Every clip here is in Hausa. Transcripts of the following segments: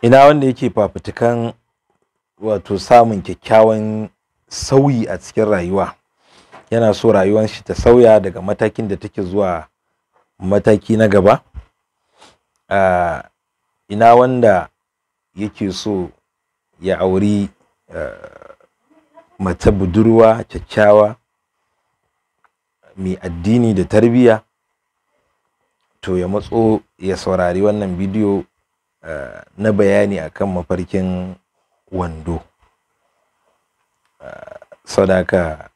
ina wanda yake fafutukan wato samun kyakkyawan sauyi a cikin rayuwa yana so rayuwar shi ta sauya daga matakin da take zuwa mataki na gaba uh, ina wanda yake so ya auri uh, mace budurwa kyakkyawa mai addini da tarbiyya to ya matso ya saurari wannan bidiyo Eh, na bayani akan mafarkin wando eh, sadaka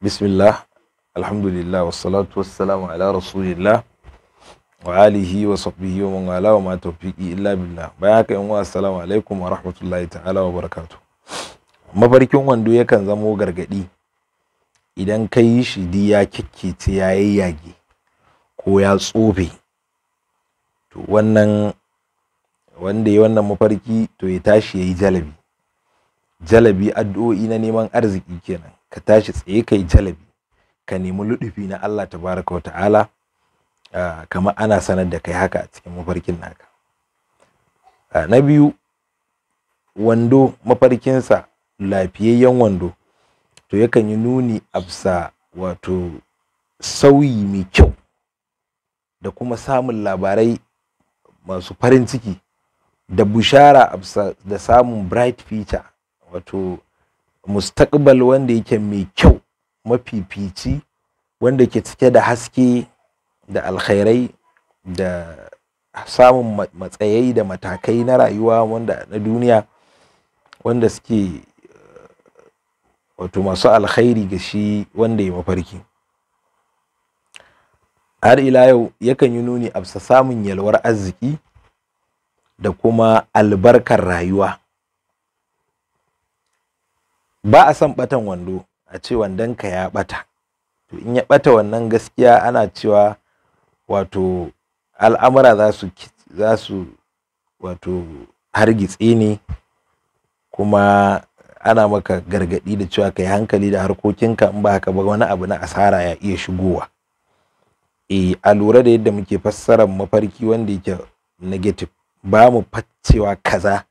bismillah alhamdulillah wassalatu wassalamu ala rasulillah wa alihi wa sahbihi wa man wala wa ma tawfiqi illa billah bayan haka yan assalamu alaikum wa rahmatullahi ta'ala wa barakatuh mafarkin wando yakan zamo gargadi idan ka yi shi di ya kikkice ya yayyage ko ya tsofe to wannan wanda ya wannan mafarki to ya tashi ya yi jalabi jalabi addu'o'i na neman arziki kenan ka tashi tsaye ka yi jalabi ka nemi luɗufi na Allah tabaraka wata'ala ta'ala. Ah, kamar ana sanar da kai haka a cikin mafarkin naka ah, na biyu wando mafarkinsa lafiyayyen wando to yakan yi nuni absa wato sauyi mai kyau da kuma samun labarai masu farin ciki da bushara da samun bright future wato mustaqbal wanda yake mai kyau mafifici wanda ke cike da haske da alkhairai da samun matsayai da matakai na rayuwa wanda na duniya wanda suke wato masu alkhairi ga shi wanda ya mafarki har ila yau yakan yi nuni a samun yalwar arziki da kuma albarkar rayuwa ba a son batan wando a ce wandonka ya bata to in ya bata wannan gaskiya ana cewa wato al'amura za su za su wato hargitse ne kuma ana maka gargaɗi da cewa ka hankali da harkokinka in ba ka ba wani abu na asara ya iya shigowa e a lura da yadda muke fassarar mafarki wanda yake negative ba mu faccewa kaza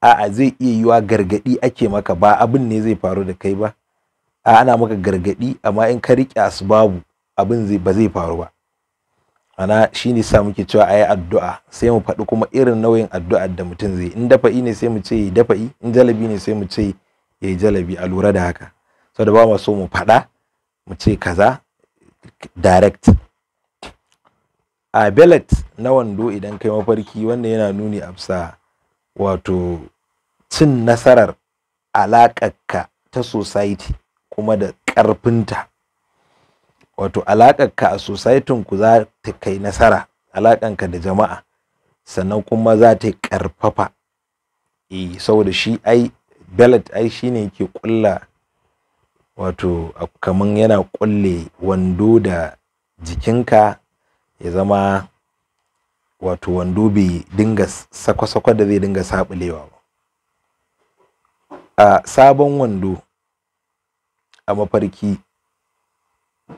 a'a zai iya yiwa gargadi ake maka ba abin ne zai faru da kai ba a ana maka gargadi amma in ka riƙe asbabu abin zai ba zai faru ba ana shine sa muke cewa ayi addu'a sai mu faɗi kuma irin nauyin addu'a da mutum zai in dafa'i ne sai mu ce yi dafa'i in jalabi ne sai mu ce yi jalabi a lura da haka saboda ba mu so mu faɗa mu ce kaza direct a belet na wando idan kai mafarki wanda yana nuni a wato cin nasarar ka ta society kuma da ƙarfinta wato alaƙarka a societin ku za ta kai nasara alaƙanka da jama'a sannan kuma za ta ƙarfafa e saboda shi ai belet ai shine yake ƙulla wato kaman yana ƙulle wando da jikinka ya zama wato wando bai dinga sakwa-sakwa da zai dinga sabulewa ba a sabon wando a mafarki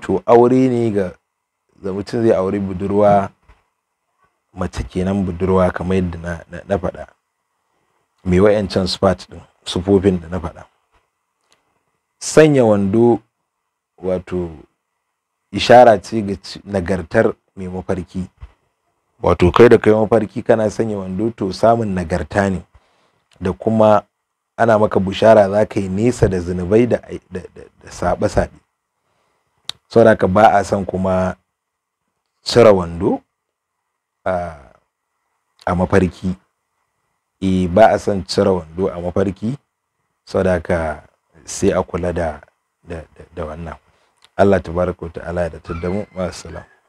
to aure ne ga mutum zai aure budurwa mace kenan budurwa kamar yadda na, na, faɗa mai wayancan spot din sufofin da na faɗa sanya wando wato ishara ce ga nagartar mai mafarki wato kai da kai mafarki kana sanya wando to samun nagarta ne da kuma ana maka bushara za ka yi nesa da zunubai da saɓe-saɓe saboda ba a son kuma cire wando a mafarki e ba a son cire wando a mafarki saboda sai a kula da wannan Allah tabaraka wa ta'ala da ta damu. wa